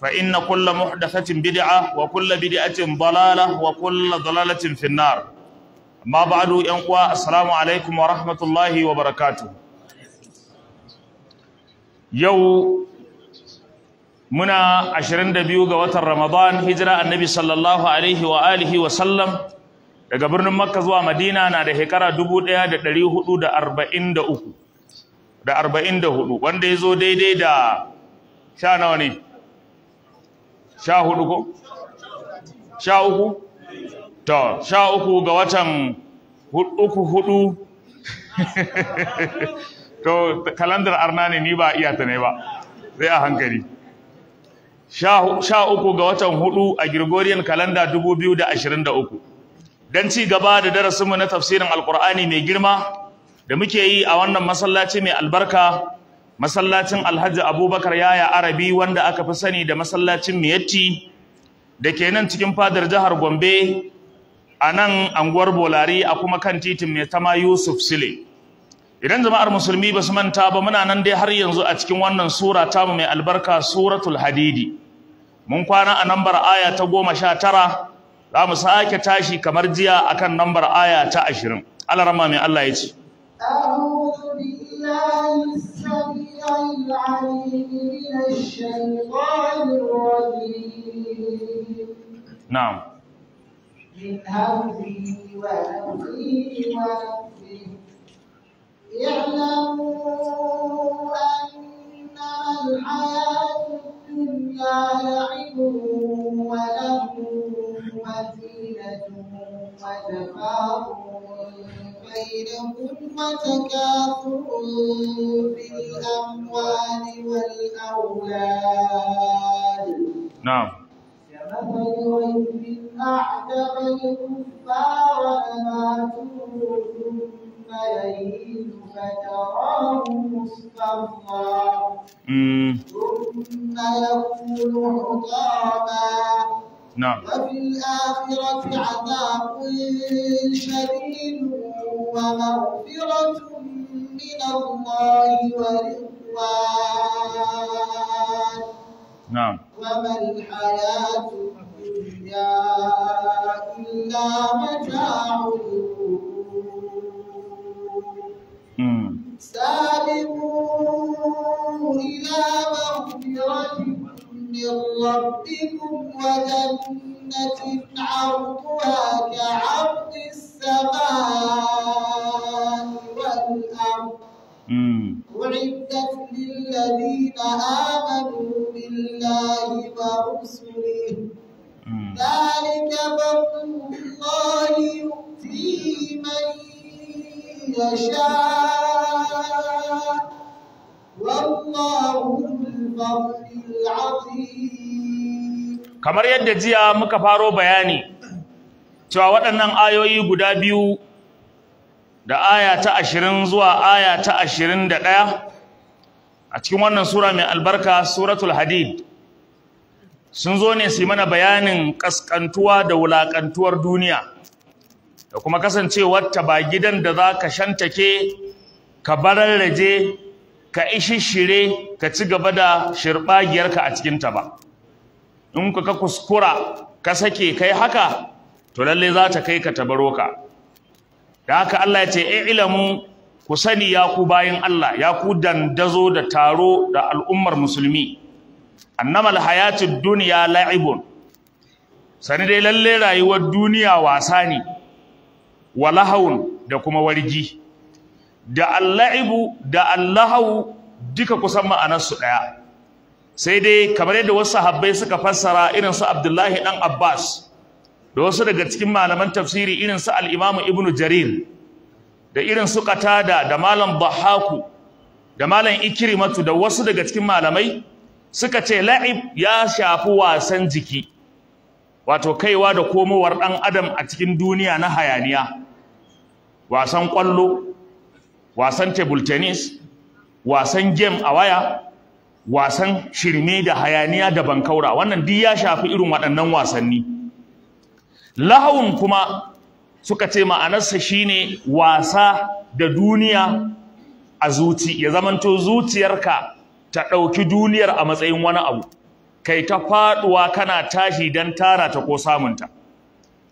فإن كل محدثة بدعة وكل بدعة ضلالة وكل ضلالة في النار ما بعد ينقوى السلام عليكم ورحمة الله وبركاته يو muna 22 ga watan Ramadan hijira annabi sallallahu alaihi wa alihi wa daga birnin Makka zuwa Madina na da hekara 1443 da 44 wanda yazo daidai da sha nawa ne sha hudu ko sha uku to sha uku ga watan uku hudu to kalandar arna ne ni ba iya ta ne ba Zai a hankali sha uku ga watan hudu a Gregorian kalanda 2023 don ci gaba da darasinmu na tafsirin alkur'ani mai girma da muke yi a wannan masallaci mai albarka masallacin alhaji abubakar yaya arabi wanda aka fi sani da masallacin miyatti da ke nan cikin fadar jihar gombe a nan anguwar bolari a kuma kan titin mai tama yusuf sile idan jama'ar musulmi ba su manta ba muna nan dai har yanzu a cikin wannan sura mu mai albarka suratul hadidi mun kwana a nambar aya ta goma sha tara za mu sake tashi kamar jiya akan nambar aya ta ashirin alarama mai allah ya ce من الشيطان الرجيم نعم من اعلموا أنما الحياة الدنيا وله وزينة وتفاخر بينكم وتكاثر في الأموال والأولاد نعم كمثل غيث أعجب الكفار أماته ثم يهيج فتراه مصفرا ثم يكون حطاما نعم وفي الآخرة نعم. عذاب شديد ومغفرة من الله ورضوان نعم وما الحياة الدنيا إلا متاع سابقوا إلى مغفرة من ربكم وجنة عرضها كعرض السماء والأرض أعدت للذين آمنوا بالله ورسله ذلك فضل الله يؤتيه من يشاء والله ذو الفضل kamar yadda jiya muka faro bayani cewa waɗannan ayoyi guda biyu da aya ta ashirin zuwa aya ta ashirin da ɗaya a cikin wannan sura mai albarka suratul hadid sun zo ne su mana bayanin ƙasƙantuwa da wulaƙantuwar duniya da kuma kasancewarta ba gidan da za ka shantake ka bararraje ka ishishire ka ci gaba da shirɓagiyarka a cikinta ba. in ku ka kuskura ka sake kai haka to lalle za ta kai ka tabaro ka da haka Allah ya ce eh, ilamu ku sani ya ku bayin Allah ya ku dandazo da taro da al'ummar musulmi annamal hayatid dunya la'ibun sani dai lalle rayuwar duniya wasa ne walahawun da kuma wargi da ala'ibu da allahu duka kusan ma'anar su ɗaya sai dai kamar yadda wasu sahabbai suka fassara irin su Abdullahi Ɗan Abbas da wasu daga cikin malaman tafsiri irin su al Ibn Jarir da irin su Qatada da malam Bahaku da malam Ikrimatu da wasu daga cikin malamai suka ce la'ib ya shafi wasan jiki wato kaiwa da komowar ɗan adam a cikin duniya na hayaniya wasan kwallo wasan table tennis wasan game a waya wasan shirme da hayaniya da bankaura wannan duk ya shafi irin waɗannan wasanni lahawun kuma suka ce ma'anarsa shine wasa da duniya a zuci ya zamanto zuciyarka ta ɗauki duniyar a matsayin wani abu kai ta faɗuwa kana tashi don tara ta ko samunta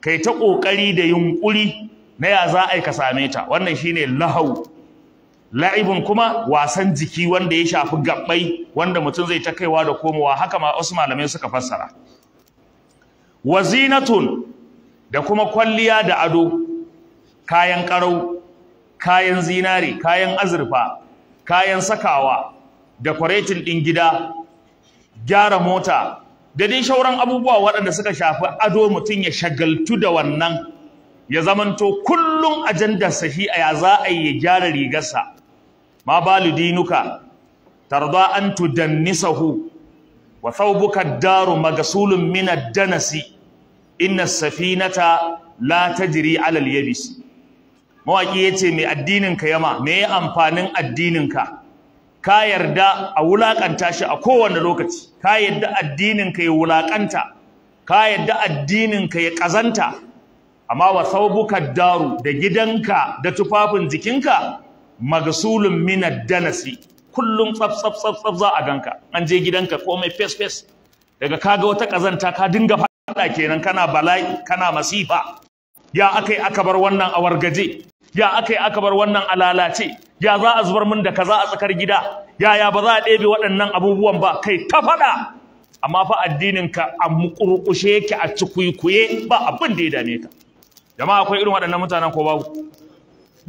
kai ta ƙoƙari da yunƙuri na ya za a yi ka same ta wannan shine lahawu. La'ibin kuma wasan jiki wanda ya shafi gabbai wanda mutum zai ta kaiwa da komowa haka ma wasu malamai suka fassara wazinatun da kuma kwalliya da ado kayan karau kayan zinare kayan azurfa kayan sakawa decorating din gida gyara mota da dai shauran abubuwa waɗanda suka shafi ado mutum ya shagaltu da wannan ya zamanto kullum ajandarsa shi a ya za a yi ya gyara rigarsa ma balu dinuka tarda an tudannisahu wa thawbuka daru magasulun min ad-danasi inna safinata la tajri 'ala al-yabis mawaki yace me addinin ka yama me amfanin addinin ka ka yarda a wulakanta shi a kowane lokaci ka yarda addinin ka ya wulakanta ka yarda addinin ka ya kazanta amma wa thawbuka daru da gidanka da tufafin jikinka magasulun minad Danasi, kullum tsaf tsaf tsaf za a ganka an je gidanka komai fes fes daga kaga wata kazanta ka dinga faɗa kenan kana bala'i kana masifa ya yi aka bar wannan a wargaje ya yi aka bar wannan a lalace ya za a zubar min da kaza a tsakar gida ya ya ba za a ɗebe waɗannan abubuwan ba kai ta faɗa amma fa addininka a muƙurƙushe yake a cikuikuye ba abin da ya dame ka jama'a akwai irin waɗannan mutanen ko babu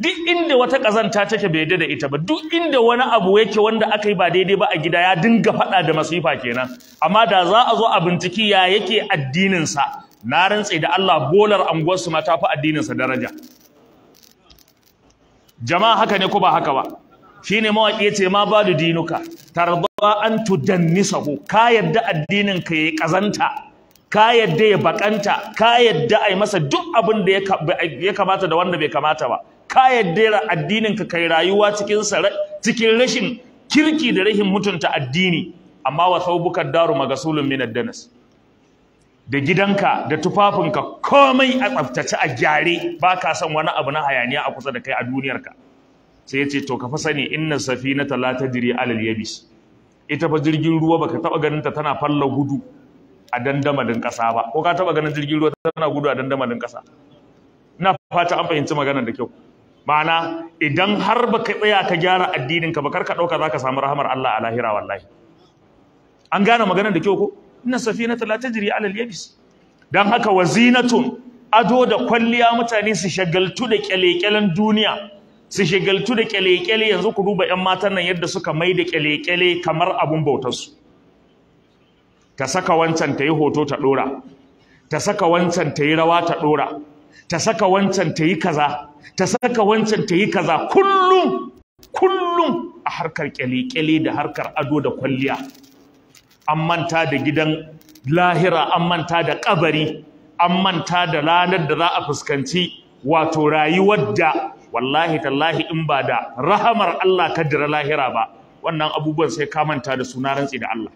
duk inda wata kazanta take bai da ita ba duk inda wani abu yake wanda aka yi ba daidai ba a gida ya dinga faɗa da masifa kenan amma da za a zo a binciki ya yake addininsa na rantse da Allah bolar anguwarsu ma ta fi addinin sa daraja jama'a haka ne ko ba haka ba shine mawaki yace ma bada dinuka tarda an tudannisahu ka yadda addinin ka yayi kazanta ka yadda ya bakanta ka yadda ai masa duk abin da ya kamata da wanda bai kamata ba ka yadda addinin ka kai rayuwa cikin cikin rashin kirki da rahin mutunta addini amma wa thawbuka daru magasulun min ad-danas da gidanka da tufafinka komai a tsaftace a gyare baka son wani abu na hayaniya a kusa da kai a duniyarka sai ya ce to ka fa sani inna safinata la tajri alal yabis ita fa jirgin ruwa baka taba ganin ta tana falla gudu a dandamalin kasa ba ko ka taba ganin jirgin ruwa tana gudu a dandamalin kasa ina fata an fahimci maganar da kyau ma'ana idan har ba ka tsaya ka gyara addinin ka ba za dauka zaka samu rahamar Allah a lahira wallahi an gane maganar da kyau ko inna safinata la tajri ala al-yabis dan haka wazinatun ado da kwalliya mutane su shagaltu da kyalekyalen duniya su shagaltu da kyalekyale yanzu ku duba yan matan nan yadda suka mai da kyalekyale kamar abun bautar su ta saka wancan ta yi hoto ta ɗora, ta saka wancan ta yi rawa ta ɗora. ta saka wancan ta yi kaza ta saka wancan ta yi kaza kullum kullum a harkar kyale-kyale da harkar ado da kwalliya an manta da gidan lahira an manta da kabari an manta da ranar da za a fuskanci wato rayuwar da wallahi tallahi in ba da rahamar Allah kaddara lahira ba wannan abubuwan sai ka manta da suna rantsi da Allah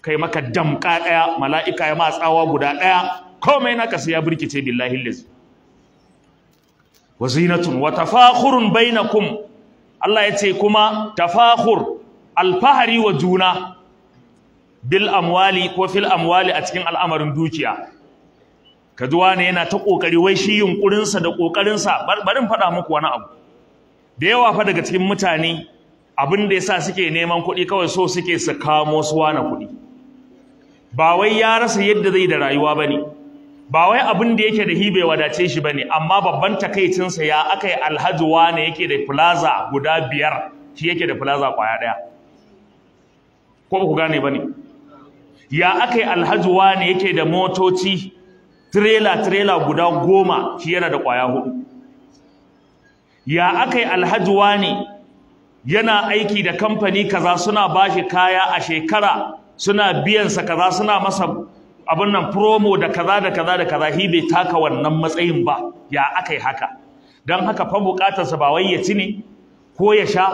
kai maka damƙa ɗaya, mala'ika ya matsawa guda ɗaya. komai na kasu ya birkice billahi lizi wa zinatun wa tafakhurun bainakum Allah ya ce kuma tafakhur alfahari wa juna bil amwali ko fil amwali a cikin al'amarin dukiya kaji wani yana ta kokari wai shi yunkurin sa da kokarin sa barin fada muku wani abu da yawa fa daga cikin mutane abin da yasa suke neman kuɗi kawai so suke su kamo su wani kuɗi ba wai ya rasa yadda zai da rayuwa bane ba wai abin da yake da hi bai wadace shi bane amma babban takaicinsa ya akai alhaji wane yake da plaza guda biyar shi yake da plaza kwaya daya ko ba ku gane bane ya akai alhaji ne yake da motoci trailer trailer guda goma shi yana da kwaya hudu ya akai alhaji ne yana aiki da kamfani kaza suna bashi kaya a shekara suna biyansa kaza suna masa abin nan promo da kaza da kaza da kaza hi bai taka wannan matsayin ba ya aka yi haka don haka fa bukatarsa ba wai ya ci ne ko ya sha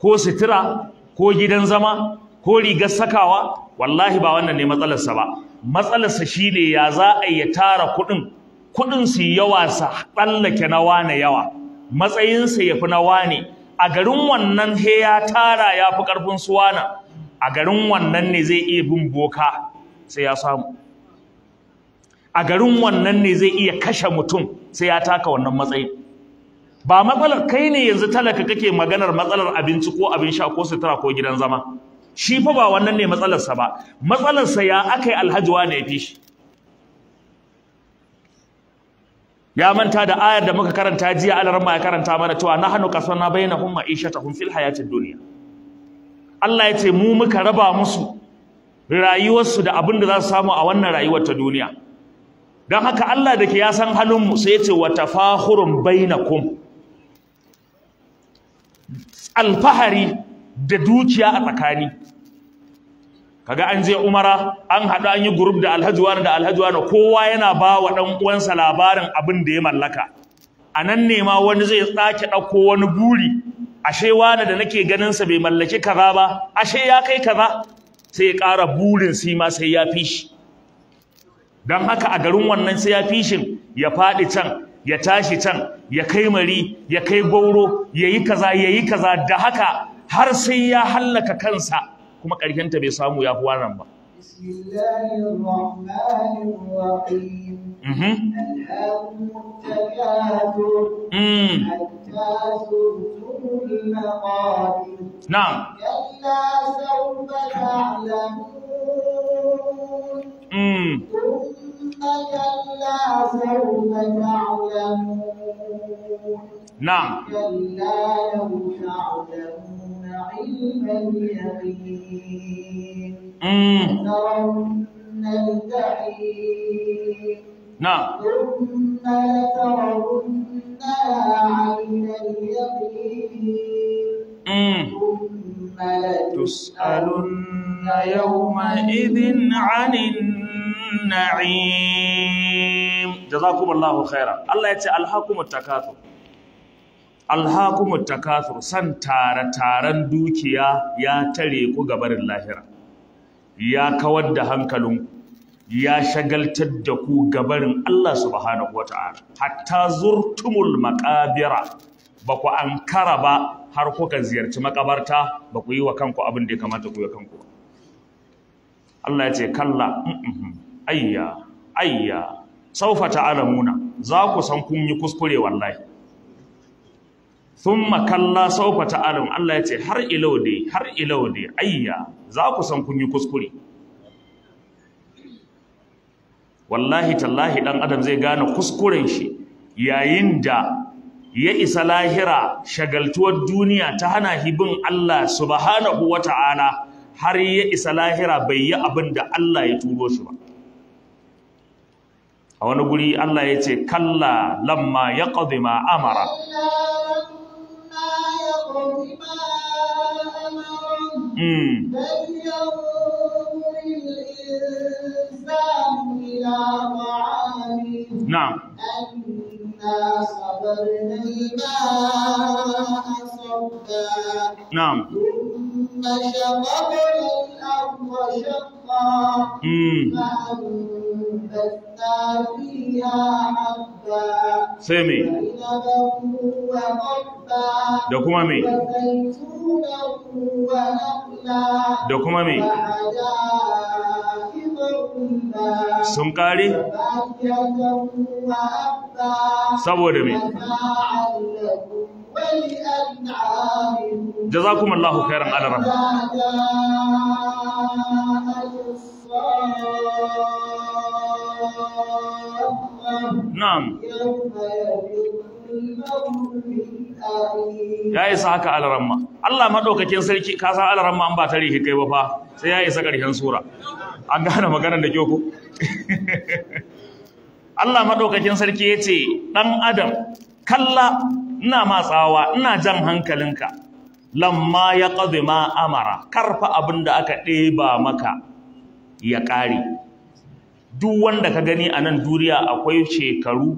ko sitira ko gidan zama ko rigar sakawa wallahi ba wannan ne matsalarsa ba matsalarsa shine ya za a ya tara kuɗin kuɗin su yawa sa tsallake na wane yawa matsayinsa ya fi na wane a garin wannan he ya tara ya fi ƙarfin wana. a garin wannan ne zai iya bin boka sai ya samu a garin wannan ne zai iya kashe mutum sai ya taka wannan matsayin ba matsalar kai ne yanzu talaka kake maganar matsalar abinci ko abin sha ko sutura ko gidan zama shi fa ba wannan ne matsalarsa ba matsalarsa ya aka yi alhajiwa ne ya fi shi ya manta da ayar da muka karanta jiya ma ya karanta mana cewa nahnu qasana bainahum ta fil hayatid dunya Allah ya ce mu muka raba musu rayuwarsu da abin da za su samu a wannan rayuwar ta duniya don haka Allah da ke ya san halinmu sai ya ce wa tafahurun bainakum alfahari da dukiya a tsakani kaga an je umara an haɗu an yi gurub da alhaji wani da alhaji wani kowa yana ba wa ɗan uwansa labarin abin da ya mallaka a nan ne ma wani zai tsake ɗauko wani buri ashe wani da nake ganinsa bai mallaki kaza ba ashe ya kai kaza sai ya ƙara burin sima sai ya fi shi don haka a garin wannan sai ya fishin ya faɗi can ya tashi can ya kai mari ya kai gauro ya yi kaza ya yi kaza da haka har sai ya hallaka kansa kuma ƙarshenta bai samu ya fi wannan ba mhm. mm. Na'am. كلا سوف تعلمون نعم كلا لو تعلمون علم اليقين لترون الجحيم نعم ثم لترونها عين اليقين ثم لتسألن يومئذ عن النار na'im jazakumullahu khaira Allah ya ce takathur alhakumut takathur san tare taran dukiya ya tare ku gabarin lahira ya kawar da hankalinku ya shagaltar da ku gabarin Allah subhanahu wata'ala hatta zurtumul maqabira ba ku ankara ba har kuka ziyarci makabarta ba ku yi wa kanku abin da ya kamata ku yi kanku Allah ya ce kalla ayya ayya saufa ta'lamuna za ku san kun yi kuskure wallahi thumma kalla saufa ta'lam Allah ya ce har ilau dai har ilau dai ayya za ku san kun yi kuskure wallahi tallahi dan adam zai gane kuskuren shi yayin da ya isa lahira shagaltuwar duniya ta hana hibin Allah subhanahu wata'ala har ya isa lahira bai yi abinda Allah ya turo shi ba a wani guri Allah ya ce kalla lamma ya ma amara mm. نعم نعم ثم شققنا الأرض شقا sai mai da kuma mai da kuma mai sun kare saboda mai jaza kuma Allah hukairan adaran Thank you. na'am ya isa haka alaramma Allah madaukakin sarki ka san alaramma an ba ta rihi kai ba fa sai ya isa karshen sura an gane maganar da kyoko Allah madaukakin sarki yace dan adam kalla ina matsawa ina jan hankalinka lamma ya qadima amara karfa abinda aka ɗeba maka ya ƙare duk wanda ka gani a nan duniya akwai shekaru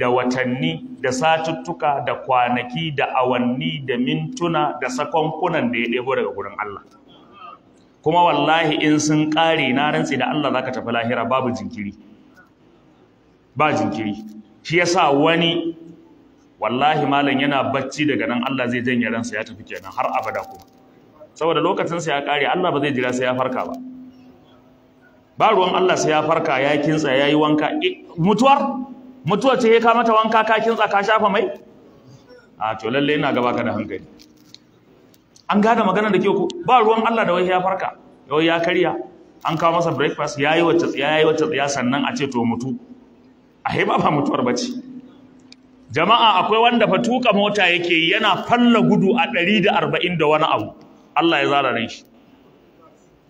da watanni da satuttuka da kwanaki da awanni da mintuna da sakonkunan da ya ɗebo daga gurin Allah kuma wallahi in sun ƙare na rantsi da Allah za ka tafi lahira babu jinkiri ba jinkiri shi ya sa wani wallahi malam yana bacci daga nan Allah zai janye ransa ya tafi kenan har abada kuma saboda lokacinsa ya ƙare Allah ba zai jira sai ya farka ba ba ruwan Allah sai ya farka ya kintsa ya yi wanka eh, mutuwar mutuwar ce ya ka mata wanka ka kintsa ka shafa mai a to lalle ina gaba ka da hankali an gada magana da ke ku ba ruwan Allah da wai ya farka yau ya karya an kawo masa breakfast ya yi wacce tsiya ya yi wacce tsiya sannan a ce to mutu a ba ba mutuwar bace jama'a akwai wanda fa tuka mota yake yana falla gudu a 140 da wani abu Allah ya zara ran shi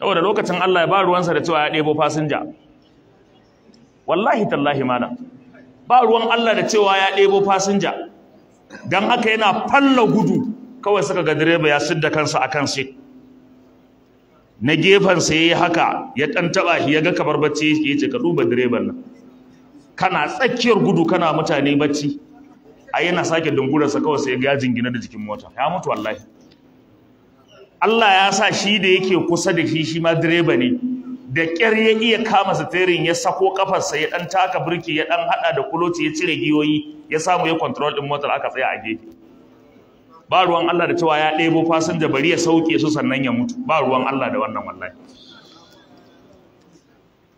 saboda lokacin Allah ya ba ruwansa da cewa ya ɗebo fasinja wallahi tallahi mana ba ruwan Allah da cewa ya ɗebo fasinja don haka yana falla gudu kawai suka ga direba ya sidda kansa a kan na gefensa ya yi haka ya ɗan taɓa shi ya ga kamar bacci ya ce ka duba direban nan kana tsakiyar gudu kana mutane bacci a yana sake dungurarsa kawai sai ya ga jingina da jikin mota ya mutu wallahi Allah ya sa shi da yake kusa da shi shi ma direba ne da ƙyar ya iya kama sitirin ya sako kafarsa ya ɗan taka birki ya ɗan hada da kuloci ya cire giyoyi ya samu ya control ɗin motar aka tsaya a gefe ba ruwan Allah da cewa ya ɗebo fasinja bari ya sauke su sannan ya mutu ba ruwan Allah da wannan wallahi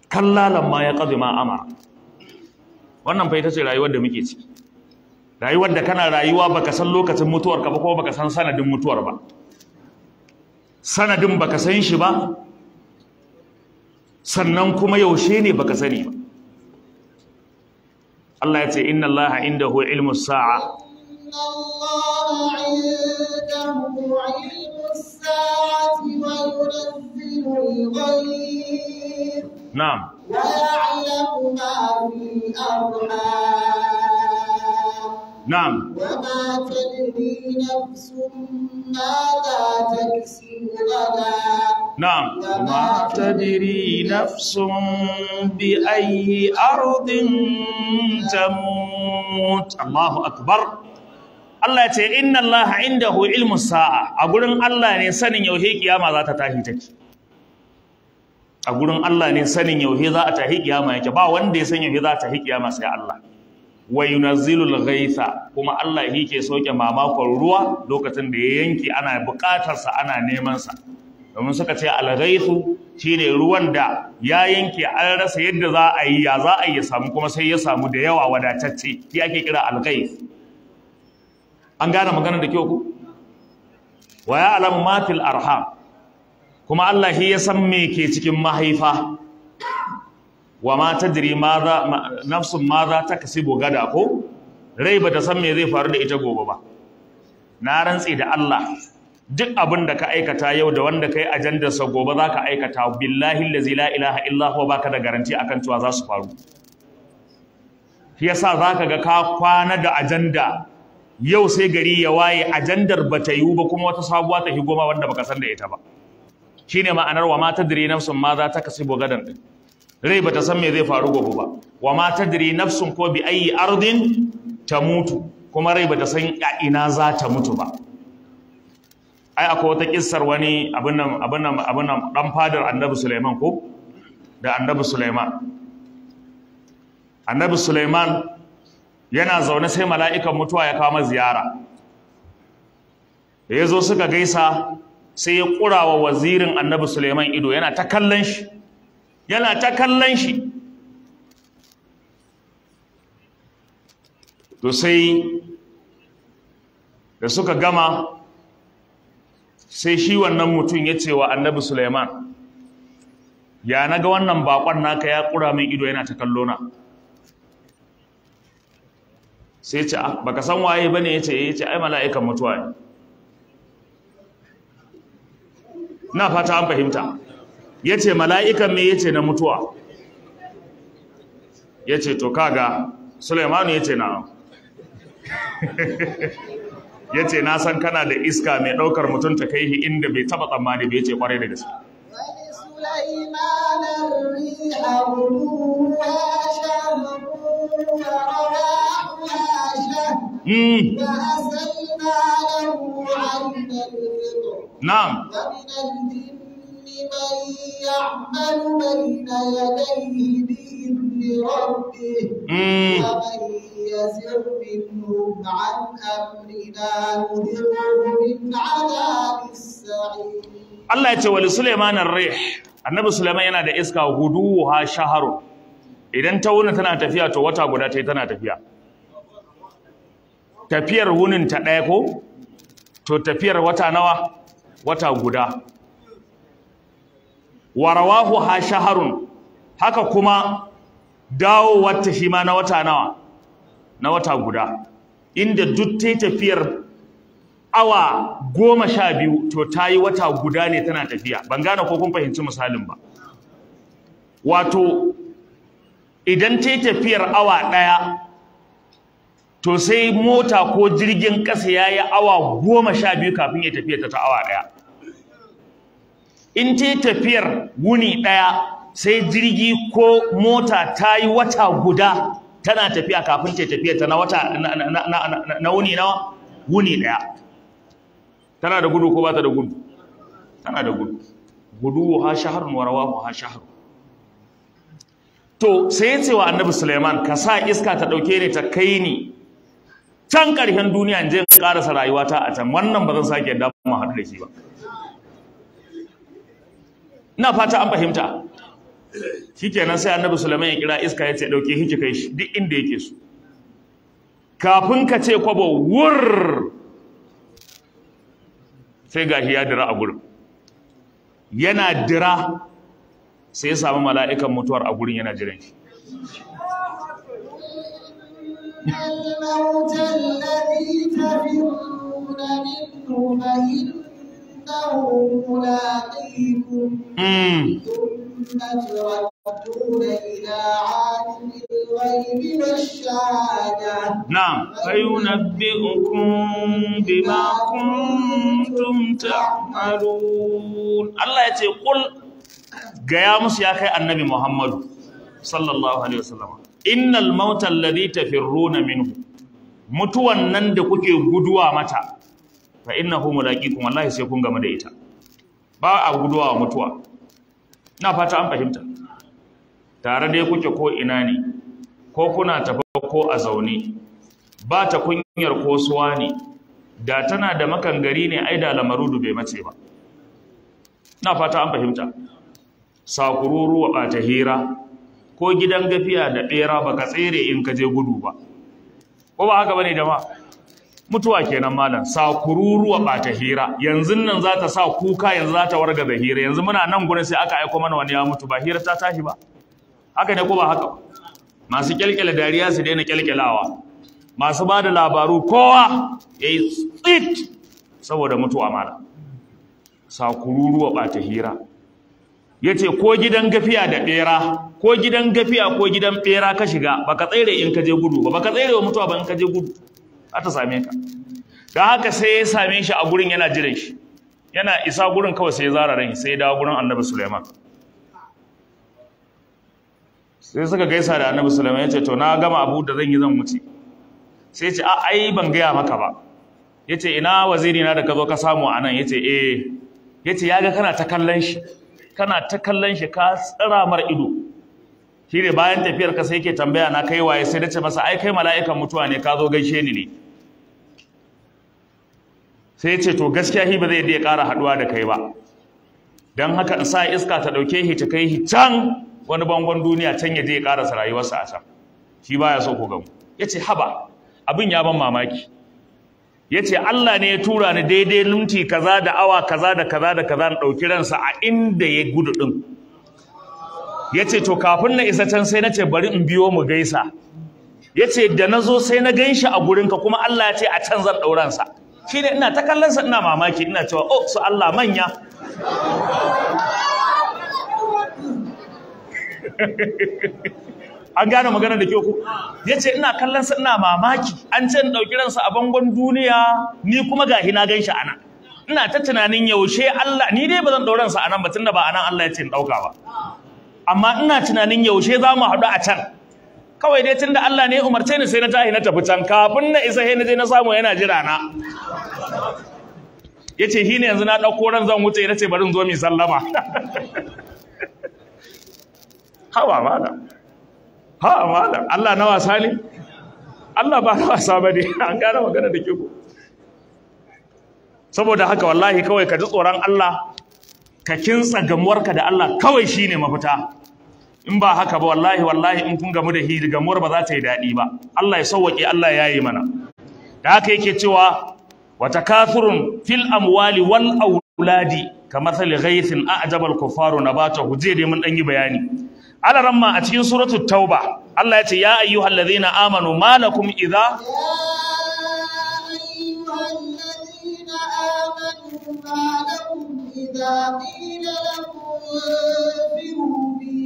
kallalan ma ya kazi ma amara wannan fa ita ce rayuwar da muke ciki rayuwar da kana rayuwa baka san lokacin mutuwar ka ba ko baka san sanadin mutuwar ba sanadin baka san shi ba sannan kuma yaushe ne baka sani ba Allah ya ce inna Allah indahu ilmu sa'a inna Allah indahu ilmu sa'ati wa yunzilu al-ghayb na'am wa ya'lamu ma fi نعم وما تدري نفس ماذا تكسب غدا نعم وما تدري نفس بأي أرض تموت الله أكبر Allah ce inna Allah indahu ilmu sa'a a gurin Allah ne sanin yauhe kiyama za ta tashi take a gurin Allah ne sanin yauhe za a tahi kiyama yake ba wanda ya san yauhe za a tahi kiyama sai Allah wa yunazzilul ghaitha kuma Allah shi ke soke mamakon ruwa lokacin da ya yanke ana buƙatar sa ana neman sa domin suka ce al ghaithu shine ruwan da ya yanke an rasa yadda za a yi ya za a yi samu kuma sai ya samu da yawa wadatacce shi ake kira al ghaith an gane maganar da kyau ku wa ya'lamu ma fil arham kuma Allah shi ya san me ke cikin mahaifa wa ma ta diri nafsun ma za ta kasibu gada ko rai ba ta san me zai faru da ita gobe ba na rantse da Allah duk abin da ka aikata yau da wanda kai ajandar sa gobe za ka aikata billahi allazi la ilaha illa huwa baka da garanti akan cewa za su faru shi yasa ka ga ka kwana da ajanda yau sai gari ya waye ajandar ba ta yiwu ba kuma wata sabuwa ta higoma wanda baka san da ita ba shine ma'anar wa ma ta diri nafsun ma za ta kasibu gadan din rai bata san me zai faru gobe ba wa ma tadri nafsun ko bi ayi ardin mutu. kuma rai bata san ya ina za ta mutu ba ai akwai wata kissar wani abin nan abin nan abin nan dan fadar Annabi Sulaiman ko da Annabi Sulaiman Annabi Sulaiman yana zaune sai mala'ikan mutuwa ya kama ziyara da ya zo suka gaisa sai ya ƙura wa wazirin annabi sulaiman ido yana ta kallon shi yana ta kallon shi to sai da suka gama sai shi wannan mutum ya ce wa annabi Suleiman ya na ga wannan bakon naka ya kura min ido yana ta kallo na sai ce ah, baka san waye bane eh, ya ce ai mala'ikan mutuwa ne na fata an fahimta ya ce mala'ikan me ya ce na mutuwa ya ce to kaga suleimanu ya ce na ya ce na san kana da iska mai ɗaukar mutum ta kai inda bai taba tsammani bai ce ƙwarai da gaske hmm. Na’am. لمن يعمل بين يديه بإذن ربه ومن يسر منهم عن أمرنا نذره من عذاب السعير Allah ya ce wa Sulaiman ar-rih Annabi Sulaiman yana da iska guduha shaharu idan ta wuni tana tafiya to wata guda ta yi tana tafiya tafiyar wunin ta ɗaya ko to tafiyar wata nawa wata guda wa rawahu ha shaharun haka kuma dawo wata shi ma na wata nawa na wata guda inda duk ta tafiyar awa goma sha biyu to ta yi wata guda ne tana tafiya ban gane ko kun fahimci misalin ba wato idan ta yi tafiyar awa ɗaya to sai mota ko jirgin ƙasa ya yi awa goma sha biyu kafin ya tafiya ta awa ɗaya in ta tafiyar wuni ɗaya sai jirgi ko mota ta yi wata guda tana tafiya kafin ta tafiya ta na wata na wuni na wuni ɗaya tana da gudu ko ba ta da gudu tana da gudu gudu ha shaharun wa rawahu ha shaharun to sai ya ce wa annabi suleiman ka sa iska ta ɗauke ni ta kai ni can ƙarshen duniya in je in ƙarasa rayuwata a can wannan ba zan sake yadda mu haɗu da shi ba ina fata an fahimta shikenan sai annabi sulaiman ya kira iska ya ce dauke hiki kai shi duk inda yake so kafin ka ce kwabo wur sai gashi ya dira a gurin yana dira sai ya samu mala'ikan mutuwar a gurin yana jiran shi الموت أنه ملاقيكم ثم تردون نعم فينبئكم بما كنتم تعملون الله يقول gaya musu ya kai annabi Muhammadu sallallahu alaihi wasallam innal mautal ladhi tafirruna minhu mutuwan nan da kuke guduwa mata fa hu mulaqikum wallahi sai kun game da ita ba a guduwa mutuwa na fata an fahimta tare dai kuke ko ina ne ko kuna tafi ko a zaune ba ta kunyar ko suwa ne da tana da makangari ne ai da lamarudu bai mace ba na fata an fahimta sakururu wa ta hira ko gidan gafiya da bera baka tsere in ka je gudu ba ko ba haka bane jama'a mutuwa kenan malam sakururuwa bata hira yanzu nan za ta sa kuka yanzu za ta warga da hira yanzu muna nan gurin sai aka aiko mana wani ya mutu ba hira ta tashi ba haka ne ko ba haka masu kyalkyala dariya su daina kyalkyalawa masu ba da labaru kowa ya yi tsit saboda mutuwa malam sakururuwa bata hira ya ko gidan gafiya da bera ko gidan gafiya ko gidan ɓera ka shiga baka tsere in ka je gudu ba baka tsere wa mutuwa ba in ka je gudu za ta same ka don haka sai ya same shi a gurin yana jiran shi yana isa gurin kawai sai ya zara ran sai ya dawo gurin annabi Sulaiman sai suka gaisa da annabi Sulaiman ya ce to na gama abu da zan yi zan mutu sai ya ce a ai ban gaya maka ba ya ce ina waziri na da ka zo ka samu a nan ya ce eh ya ga kana ta kallon shi kana ta kallon shi ka tsira mar ido shi ne bayan tafiyar ka sai ke tambaya na kai waye sai da ce masa ai kai mala'ikan mutuwa ne ka zo gaishe ni ne sai ya ce to gaskiya shi ba zai iya ƙara haɗuwa da kai ba don haka in sa iska ta ɗauke shi ta kai shi can wani bangon duniya can ya je ya ƙarasa rayuwarsa a can shi ba ya so ku gamu ya ce haba abin ya ban mamaki ya ce Allah ne ya tura ni daidai lunti kaza da awa kaza da kaza da kaza na ɗauki ransa a inda ya gudu ɗin ya ce to kafin na isa can sai na ce bari in biyo mu gaisa ya ce da na zo sai na gan shi a gurinka kuma Allah ya ce a can zan ɗauransa ne ina ta kallonsa ina mamaki ina cewa oh su Allah manya an gane magana da ke ku ya ce ina kallonsa ina mamaki an ce in ɗauki ransa a bangon duniya ni kuma ga hina gan shi ana ina ta tunanin yaushe Allah ni dai ba zan ɗauran sa nan ba tunda ba a nan Allah ya ce in ɗauka ba amma ina tunanin yaushe za mu haɗu a can kawai dai tunda Allah ne umarce ni sai na tahi na tafi can kafin na isa na je na samu yana jira na yace hi ne yanzu na ɗauko ran zan wuce na bari in zo mi sallama hawa mala hawa mala Allah na wasa ne Allah ba na wasa ba ne, an gane magana da ke ku saboda haka wallahi kawai ka ji tsoron Allah ka kintsa gamuwarka da Allah kawai shine mafita in ba haka ba wallahi wallahi in kun gamu da hirgamuwar ba za ta yi daɗi ba Allah ya sauwaƙe Allah ya yi mana da haka yake cewa wata kafirun fil amwali wal auladi kamathal ghaythin a'jaba al kuffaru nabatahu je dai mun ɗan yi bayani ala ramma a cikin suratul tauba Allah ya ce ya ayyuhallazina amanu malakum idza ما لكم إذا قيل لكم انفروا في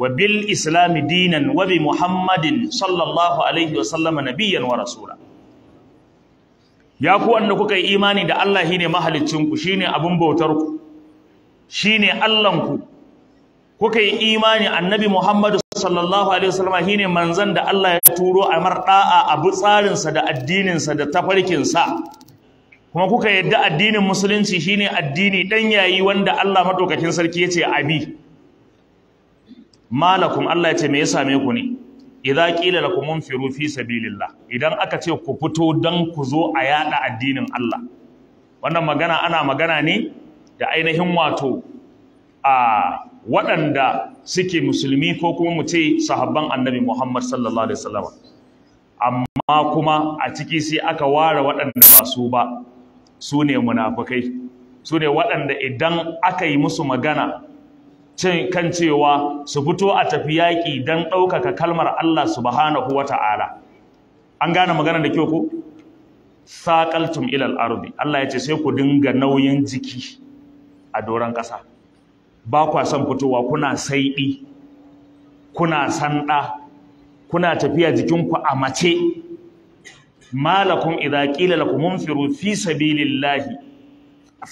wa bil islami dinan wa bi muhammadin sallallahu alaihi wa sallama wa rasula ya ku wanda kuka yi imani da Allah shine mahaliccinku shine abun bautar ku shine Allahn ku kuka yi imani annabi Muhammadu sallallahu alaihi wasallama shine manzon da Allah ya turo a marda'a abu tsarin sa da addinin sa da tafarkin sa kuma kuka yadda addinin musulunci shine addini dan yayi wanda Allah madaukakin sarki yace abi malakum Allah ya ce me ya same ku ne idza qila lakum munfiru fi sabilillah idan aka ce ku fito dan ku zo a yada addinin Allah wannan magana ana magana ne da ainihin wato a waɗanda suke musulmi ko kuma mu ce sahabban annabi Muhammad sallallahu alaihi wasallam amma kuma a ciki sai aka ware waɗanda ba su ba su ne munafukai su waɗanda idan aka yi musu magana kan cewa su fito a tafi yaƙi don ɗaukaka kalmar Allah subhanahu wa ta'ala an gane magana da kyau ko saƙaltum ilal ardi Allah ya ce sai ku dinga nauyin jiki a doron ƙasa ba kwa son fitowa kuna saiɗi kuna sanɗa kuna tafiya jikinku a mace Malakun idza da kuma munfiru fi sabilillahi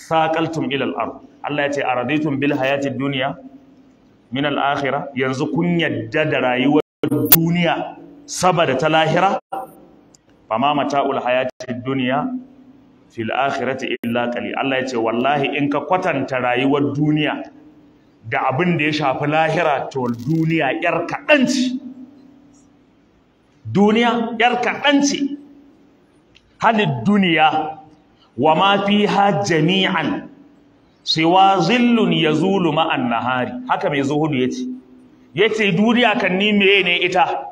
saƙaltum ilal ardi Allah ya ce a radaitun bil hayatid duniya min al yanzu kun yadda da rayuwar duniya saboda ta lahira fama mata'ul hayatid dunya fil akhirati illa qali Allah yace wallahi in ka kwatanta rayuwar duniya da abin da ya shafi lahira to duniya yar kadan duniya yar kadan halid duniya wa ma fiha jami'an siwa zillun zulu ma'an nahari haka mai zuhudu ya ce. Ya ce, duniya kan ni meye ne ita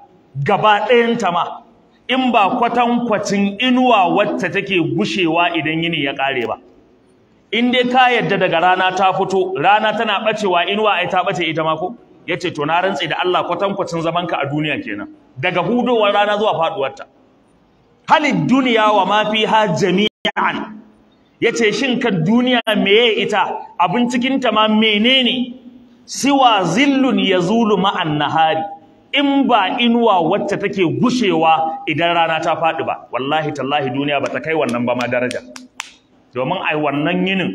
gaba ɗayan ta ma in ba kwatankwacin inuwa wacce take gushewa idan yini ya ƙare ba in dai ka yadda daga rana ta fito rana tana ɓacewa inuwa ai ta ɓace ita ma ko ce to na rantse da Allah kwatankwacin zamanka a duniya kenan daga hudowar rana zuwa faduwarta Hali duniya wa ma fiha jami'an yace shin kan duniya meye ita abin cikin ta ma menene siwa zillun yazulu ma'an hari. in ba inuwa wacce take gushewa idan rana ta faɗi ba wallahi tallahi duniya bata kai wannan ba ma daraja domin ai wannan yinin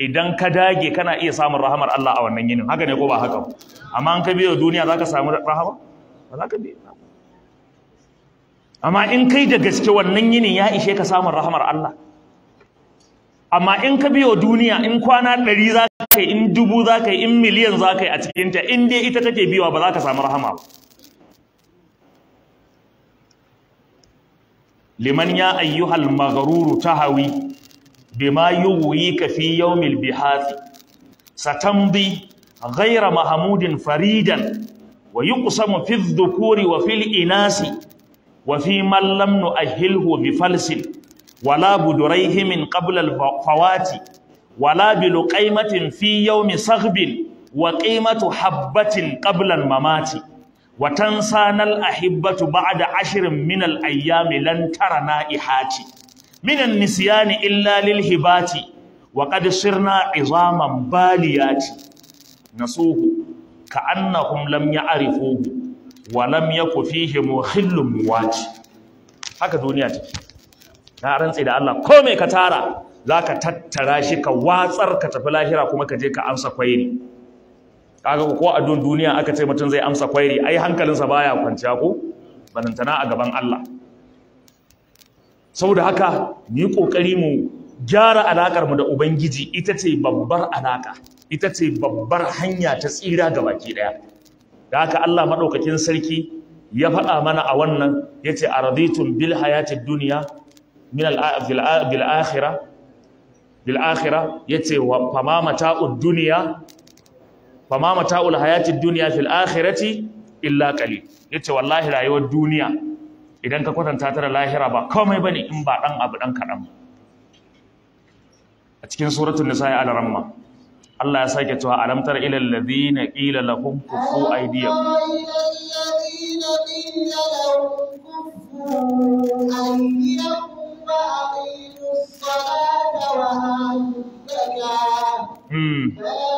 idan ka dage kana iya samun rahamar Allah a wannan yinin haka ne ko ba haka amma an ka biyo duniya zaka samu rahama ba za ka biyo amma in kai da gaske wannan yinin ya ishe ka samun rahamar Allah amma in ka biyo duniya in kwana ɗari za ka yi in dubu za ka yi in miliyan za ka yi a cikinta in dai ita take biwa ba za ka samu rahama ba liman ya ayyuhal magharuru tahawi bima yuwika fi yawmil bihathi satambi ghayra mahmudin faridan wa yuqsamu fi dhukuri wa fil inasi wa fi man lam bi falsin wala buduraihi min qabla fawati wala biluƙaimatin luqaimatin sagbin yawmi saghbin wa qimatu habbatin qabla al-mamati wa tansanal ahibbatu ba'da ashrin min al-ayyami lan tarana ihati min an-nisyani illa lil hibati wa qad sirna izaman baliyati nasuhu ka'annahum lam ya'rifuhu wa lam yaku fihim khillun muwati haka duniya take na rantsi da Allah ko mai ka tara za ka tattara shi ka watsar ka tafi lahira kuma ka je ka amsa kwairi kaga ko a duniya aka ce mutum zai amsa kwairi ai hankalinsa baya kwanciya ko banantana a gaban Allah saboda haka mu yi kokari mu gyara alakar mu da ubangiji ita ce babbar alaka ita ce babbar hanya ta tsira ga baki daya da haka Allah madaukakin sarki ya faɗa mana a wannan yace araditum bil hayatid dunya min bil akhira bil akhira yace wa famama mata'ud dunya fama mata'ul hayatid dunya fil akhirati illa qalil yace wallahi rayuwar duniya idan ka kwatanta ta da lahira ba komai bane in ba dan abu dan kadan a cikin suratul nisa ya al Allah ya sake cewa alam tar ila alladhina qila lahum kufu aydiyakum alladhina qila الصلاة فلما كتب عليهم القتال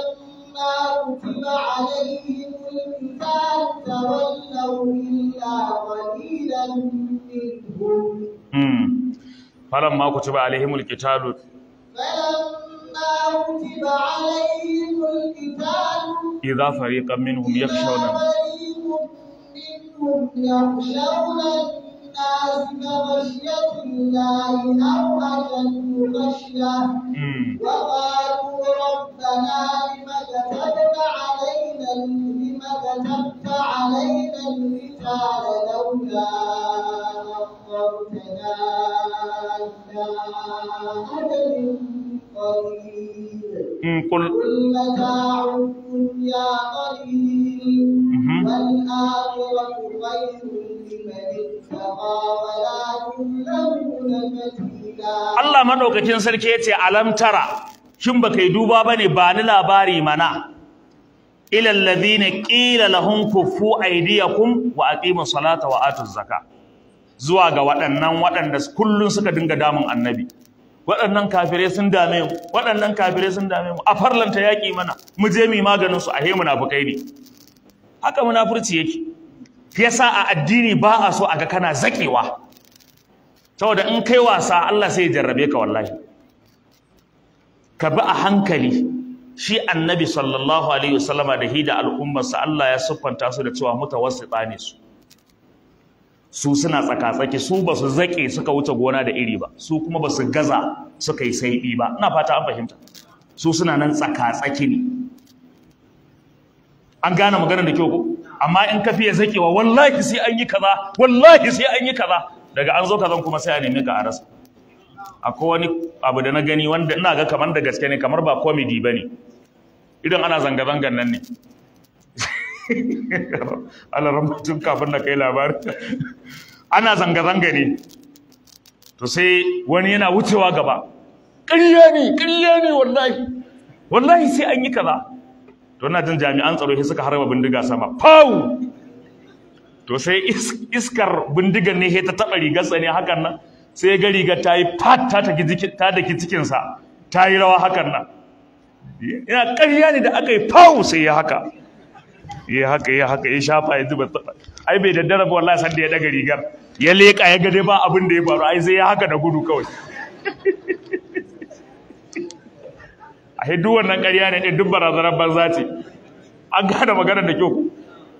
تولوا إلا قليلا منهم فلما كتب عليهم فلما كتب عليهم إذا فريقا منهم يخشون إذا فريق منهم يخشون الناس كخشية الله أو خشية وقالوا ربنا لم كتبت علينا لم كتبت علينا القتال لولا أخرتنا إلى أجل قريب قل متاع الدنيا madaukakin sarki yace alamtara, tara shin baka yi duba bane ba ni labari mana ilal ladina qila lahum kuffu aydiyakum wa aqimus salata wa atuz zakat zuwa ga waɗannan waɗanda kullun suka dinga damun annabi waɗannan kafirai sun dame mu waɗannan kafirai sun dame mu a farlanta yaƙi mana mu je mu maganin su a he munafukai ne haka munafurci yake yasa a addini ba a so aga kana zakewa saboda in kai wasa Allah sai ya jarrabe ka wallahi ka bi a hankali shi annabi sallallahu alaihi wasallama da hida al'ummarsa Allah ya siffanta su da cewa mutawassita ne su su suna tsakatsaki su ba su zaƙe suka wuce gona da iri ba su kuma ba su gaza suka yi saiɓi ba ina fata an fahimta su suna nan tsakatsaki ne an gane maganar da kyau ko amma in ka fiye zaƙewa wallahi sai an yi kaza wallahi sai an yi kaza daga an zo zan kuma sai a nemi ka a rasa akwai wani abu da na gani wanda ina ga kamar da gaske ne kamar ba ba ne. idan ana zanga-zangan nan ne ala rahmatun kafin na kai labari ana zanga-zanga ne to sai wani yana wucewa gaba ƙarya ne ƙarya ne wallahi wallahi sai an yi kaza to ina jin jami'an tsaro sai suka harba bindiga sama pau to sai iskar bindigar ne ta taɓa rigarsa ne hakan nan sai ga rigar ta yi fat ta daki cikinsa ta yi rawa hakan nan yana ƙarya ne da aka yi fawo sai ya haka ya haka ya haka ya shafa ya zuba ai bai daddara ba wallahi sanda ya daga rigar ya leƙa ya gade ba abin da ya faru ai sai ya haka da gudu kawai a hidu wannan ƙarya ne ɗin duk barazanar banza ce an gane magana da kyau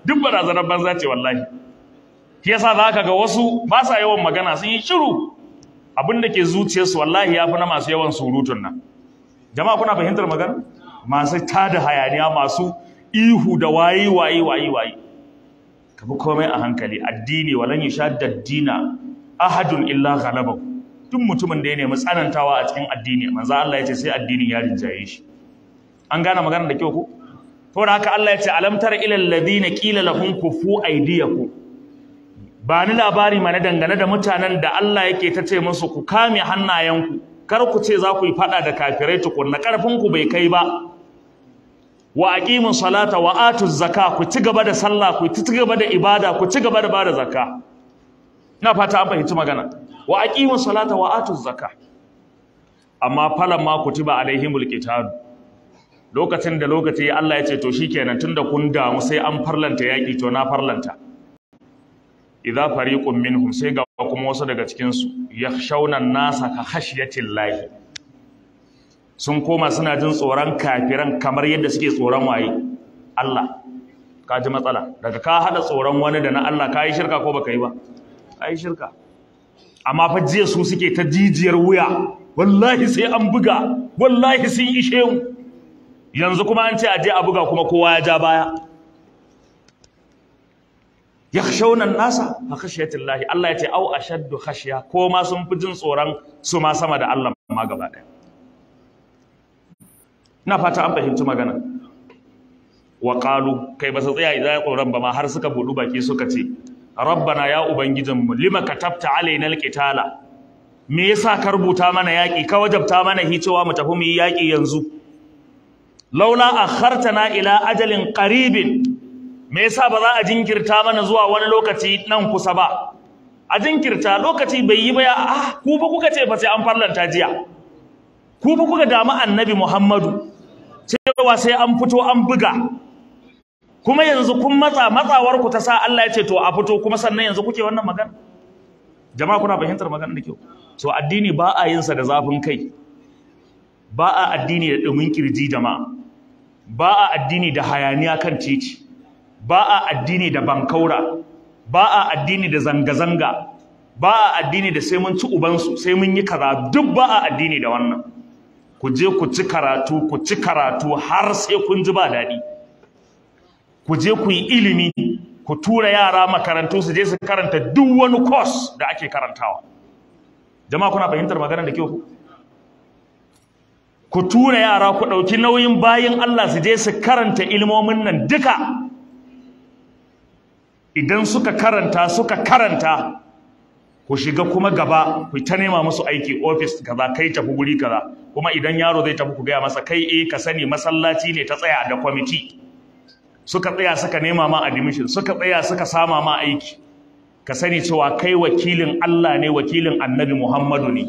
duk barazanar banza ce wallahi yasa za ka ga wasu ba sa yawan magana sun yi shiru abin da ke zuciyarsu wallahi ya fi na masu yawan surutun nan jama'a kuna fahimtar magana masu tada hayaniya masu ihu da wayi wayi wayi wayi ka bi komai a hankali addini walan sha dina ahadun illa ghalabahu duk mutumin da ya nemi tsanantawa a cikin addini manzo Allah ya ce sai addinin ya rinjaye shi an gane magana da kyau ko to da haka Allah ya ce alamtar tara ilal ladina qila lahum kufu aydiyakum ba ni labari mana dangane da mutanen da Allah yake ta ce musu ku kame hannayenku kar ku ce za ku yi fada da kafirai tukunna karfin ƙarfinku bai kai ba wa aqimu salata wa atu zakka ku ci gaba da sallah ku ci gaba da ibada ku ci gaba da bada zakka ina fata an fahimci magana wa aqimu salata wa atu zakka amma falan ma kutiba alaihimul qitalu lokacin da lokaci Allah ya ce to shi shikenan tunda kun damu sai an farlanta yaki to na farlanta idza fariqun minhum sai ga kuma wasu daga cikin su yakhshawna nasa ka khashyatil sun koma suna jin tsoron kafiran kamar yadda suke tsoron waye Allah ka ji matsala daga ka hada tsoron wani da na Allah ka yi shirka ko baka yi ba yi shirka amma fa jiya su suke ta jijiyar wuya wallahi sai an buga wallahi sun ishe mu yanzu kuma an ce a je a buga kuma kowa ya ja baya yakhshawna nasa ka khashiyatillahi Allah ya ce au ashaddu khashiya ko ma sun fi jin tsoron su ma sama da Allah ma gaba ɗaya ina fata an fahimci magana wa qalu kai ba su tsaya idan tsoron ba ma har suka budu baki suka ce rabbana ya ubangijinmu lima katabta alaina alqitala me yasa ka rubuta mana yaki ka wajabta mana hicewa mu tafi mu yi yaki yanzu laula akhartana ila ajalin qaribin me yasa ba za a jinkirta mana zuwa wani lokaci nan kusa ba a jinkirta lokaci bai yi ba ya ah ku ba kuka ce ba sai an farlanta jiya ku ba kuka damu annabi Muhammadu cewa sai an fito an buga kuma yanzu kun matsa matsawar ku ta sa Allah ya ce to a fito kuma sannan yanzu kuke wannan magana jama'a kuna fahimtar magana da kyau so addini ba a yin sa da zafin kai ba a addini da dumin kirji jama'a ba a addini da hayaniya kan titi ba a addini da bankaura ba a addini da zanga-zanga ba a addini da sai mun ci ubansu sai mun yi kaza duk ba a addini da wannan ku je ku ci karatu ku ci karatu har sai kun ji ba daɗi ku je ku yi ilimi ku tura yara makarantu su je su karanta duk wani course da ake karantawa jama'a kuna fahimtar maganar da kyau ku tura yara ku ɗauki nauyin bayan Allah su je su karanta ilmomin nan duka idan suka karanta suka karanta ku shiga kuma gaba ku ta nema musu aiki ofis kaza kai tafi guri kaza kuma idan yaro zai tafi ku gaya masa kai eh ka sani masallaci ne ta tsaya da kwamiti suka tsaya suka nema ma admission suka tsaya suka sama ma aiki ka sani cewa kai wakilin Allah ne wakilin Annabi Muhammadu ne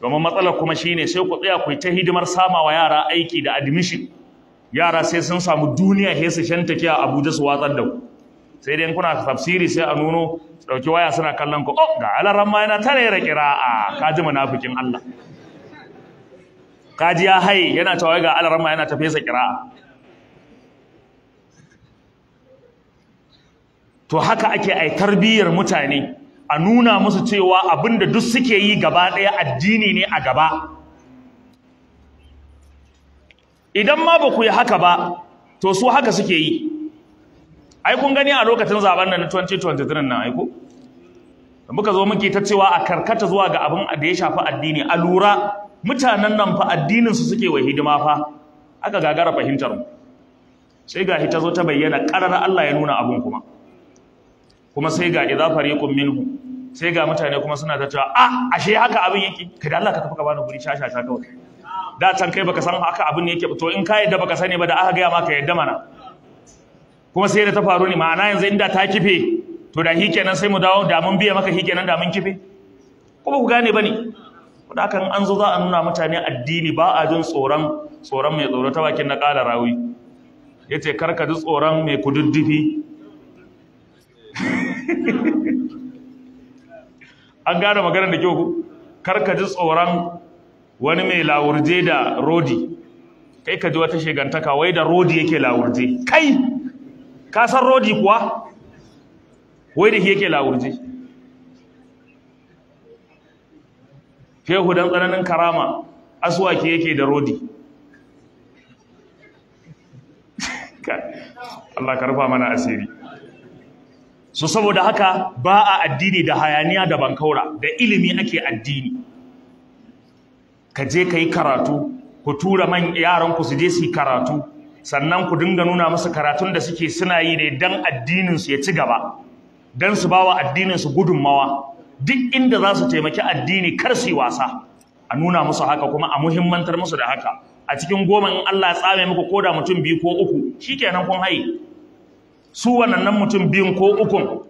domin matsalar kuma shine sai ku tsaya ku ta hidimar sama wa yara aiki da admission yara sai sun samu duniya sai su shantake a Abuja su watsar da ku sai dai kuna tafsiri sai a nuno su dauki waya suna kallon ku oh ga alaran ma yana tare da qira'a ka ji munafikin Allah kaji ya hai yana tawaye ga alaran ma yana tafesa qira'a to haka ake ai tarbiyyar mutane a nuna musu cewa abinda duk suke yi gaba ɗaya addini ne a gaba idan ma ba ku yi haka ba to su haka suke yi ai gani a lokacin zaben nan na 2023 nan aiko da muka zo muke ta cewa a karkata zuwa ga abin da ya shafi addini a lura mutanen nan fa addinin su suke wa hidima fa aka gagara fahimtar mu sai ga ta zo ta bayyana ƙarar Allah ya nuna abin kuma kuma sai ga idza fariqun minhu sai ga mutane kuma suna ta cewa ah, ashe haka abin yake kai da Allah ka tafi ka bani guri shasha ta kawai da can kai baka san haka abin yake to in ka yadda baka sani ba da aka gaya maka yadda mana kuma sai da ta faru ne ma'ana yanzu inda ta kife to da hikenan sai mu dawo da mun biya maka hikenan da mun kife ko ba ku gane bane da hakan an zo za a nuna mutane addini ba a jin tsoron tsoron mai tsoro ta bakin na ƙara rawi yace karka ji tsoron mai kududdufi an gane maganar da kyau ku kar ka ji tsoron wani mai lawurje da rodi kai ka ji wata shigantaka wai da rodi yake lawurje kai ka san rodi kuwa wai da yake lawurje shehu dan tsananin karama aswaki yake da rodi Allah ka rufa mana asiri so saboda haka ba a addini da hayaniya da bankaura da ilimi ake addini ka je ka yi karatu ku tura man yaranku su je su yi karatu sannan ku dinga nuna musu karatun da suke suna yi ne don addininsu ya ci gaba don su bawa wa su gudunmawa duk inda za su taimaki addini kar su yi wasa a nuna musu haka kuma a muhimmantar musu da haka a cikin goma in Allah ya tsame muku ko da mutum biyu ko uku shikenan kun haye su wannan mutum biyun ko ukun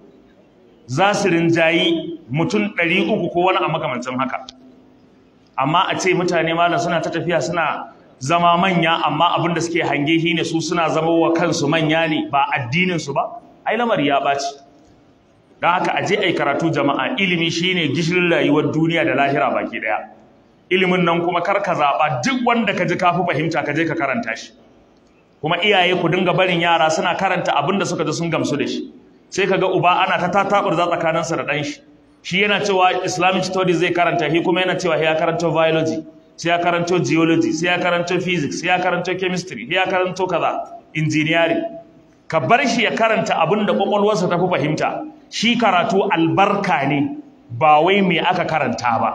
za su rinjayi mutum ɗari uku ko wani a makamancin haka amma a ce mutane malam suna ta tafiya suna zama manya amma abin da suke hange shi ne su suna zama wa kansu manya ne ba addininsu ba ai lamari ya ɓaci don haka a je a yi karatu jama'a ilimi shine gishirin rayuwar duniya da lahira baki ɗaya ilimin nan kuma kar ka zaɓa duk wanda ka ji ka fahimta ka je ka karanta shi kuma iyaye ku dinga barin yara suna karanta abin da suka ji sun gamsu da shi sai kaga uba ana ta tatabar za tsakaninsa da ɗan shi shi yana cewa islamic studies zai karanta shi kuma yana cewa ya karanta biology sai ya karanta geology sai ya karanta physics sai ya karanta chemistry sai ya karanta kaza engineering ka bar shi ya karanta abin da kwakwalwarsa ta fi fahimta shi karatu albarka ne ba wai me aka karanta ba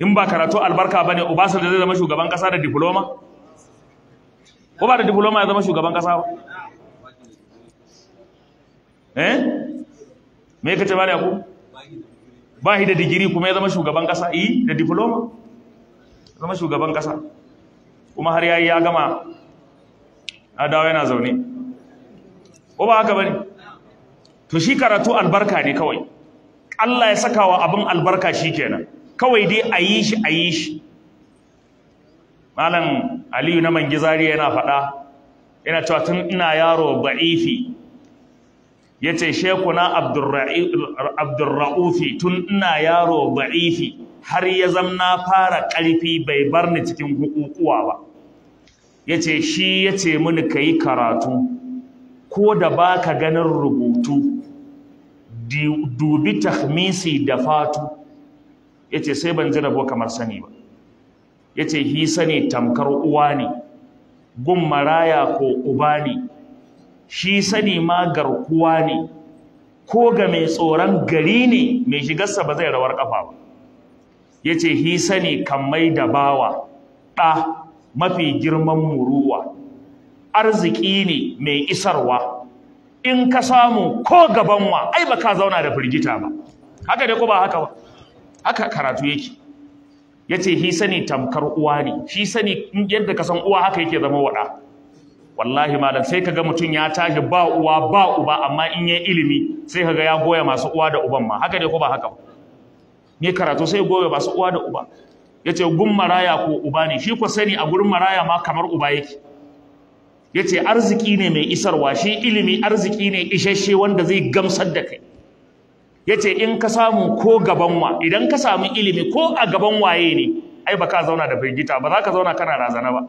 in ba karatu albarka bane uba da zai zama shugaban kasa da diploma ko ba da diploma ya zama shugaban kasa ba eh me yake ce bari ku ba shi da digiri kuma ya zama shugaban kasa eh da diploma zama shugaban kasa kuma har yayi ya gama a dawo yana zaune ko ba haka bane to shi karatu albarka ne kawai Allah ya saka wa abin albarka shi kenan kawai dai a yi shi a yi shi malam aliyu na mangizari yana faɗa yana cewa tun ina yaro ba'ifi ya ce shekuna abdurra'ufi tun ina yaro ba'ifi har ya zamna fara ƙarfi bai bar ni cikin hukukuwa ba ya ce shi ya ce mini ka yi karatu ko da ba ka ganin rubutu dubi tahmisi da fatu ya ce sai ban ji rabo kamar sani ba Ya ce hisa ne tamkar uwa ne gun maraya ko uba ne shi sani ma garkuwa ne ko ga mai tsoron gari ne mai shigarsa ba zai rawar ƙafa ba Ya ce hisa ne kammai da bawa ɗa mafi girman muruwa arziki ne mai isarwa in ka samu ko gabanwa ai ba ka zauna da firgita ba haka dai ko ba haka ba haka karatu yake ya ce shi sani tamkar uwa ne shi sani yadda ka san uwa haka yake zama waɗa wallahi malam sai kaga mutum ya tashi ba uwa ba uba amma in yi ilimi sai kaga ya goya masu uwa da uban ma haka ne ko ba haka ba ne karatu sai goya masu uwa da uba ya ce gun maraya ko uba ne shi ko sani a gurin maraya ma kamar uba yake ya ce arziki ne mai isarwa shi ilimi arziki ne isasshe wanda zai gamsar da kai ya ce in ka samu ko gaban idan ka samu ilimi ko a gaban waye ne ai ba ka zauna da firgita ba za ka zauna kana razana ba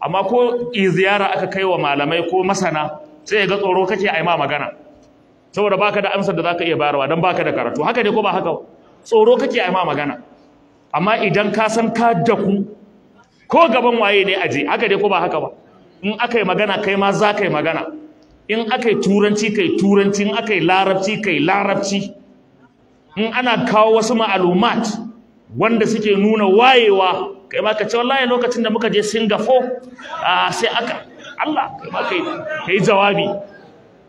amma ko ziyara aka kai wa malamai ko masana sai ya ga tsoro kake yi ma magana saboda baka da amsar da za ka iya bayarwa dan baka da karatu haka ne ko ba haka tsoro kake yi ma magana amma idan ka san ka daku ko gaban waye ne aje haka ne ko ba haka ba in aka yi magana kai ma za ka yi magana in aka yi turanci kai turanci in aka yi larabci kai larabci in ana kawo wasu ma'alumat wanda suke nuna wayewa kai ma ka ce wallahi lokacin da muka je Singapore sai aka Allah kai ma kai kai jawabi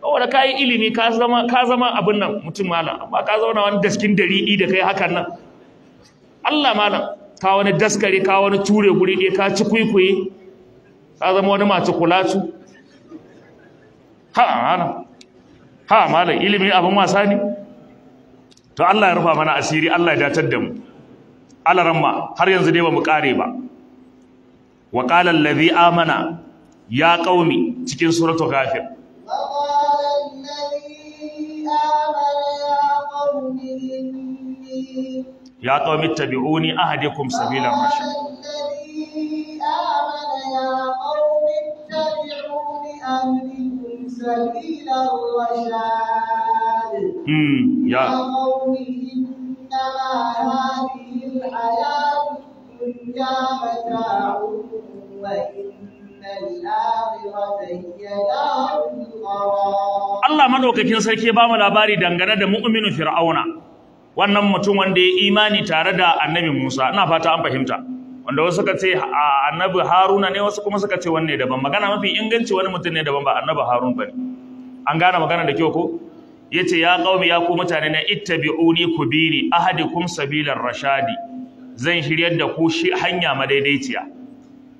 saboda kai ilimi ka zama ka zama abin nan mutum malam amma ka zauna wani daskin dari da kai hakan nan Allah malam ka wani daskare ka wani ture guri ɗaya ka ci kuikuyi ka zama wani mace kulatu ha malam ha malam ilimi abin wasa ne to Allah ya rufa mana asiri Allah ya datar da mu alaramma har yanzu dai ba mu kare ba wa qala allazi amana ya qaumi cikin suratul ghafir ya qaumi tabi'uni ahadikum sabilar rashad ya qaumi tabi'uni سبيل الرشاد يا Allah madaukakin sarki ya bamu labari dangane da mu'minu Fir'auna wannan mutum wanda ya imani tare da Annabi Musa ina fata an fahimta wanda wasu suka ce annabi haruna ne wasu kuma suka ce wanne daban magana mafi inganci wani mutum ne daban ba annabi harun ba an gane magana da kyau ko ya ce ya ƙaumi ya ku mutane na ittabi'uni ku bi ni kum sabilar rashadi zan shiryar da ku shi hanya madaidaiciya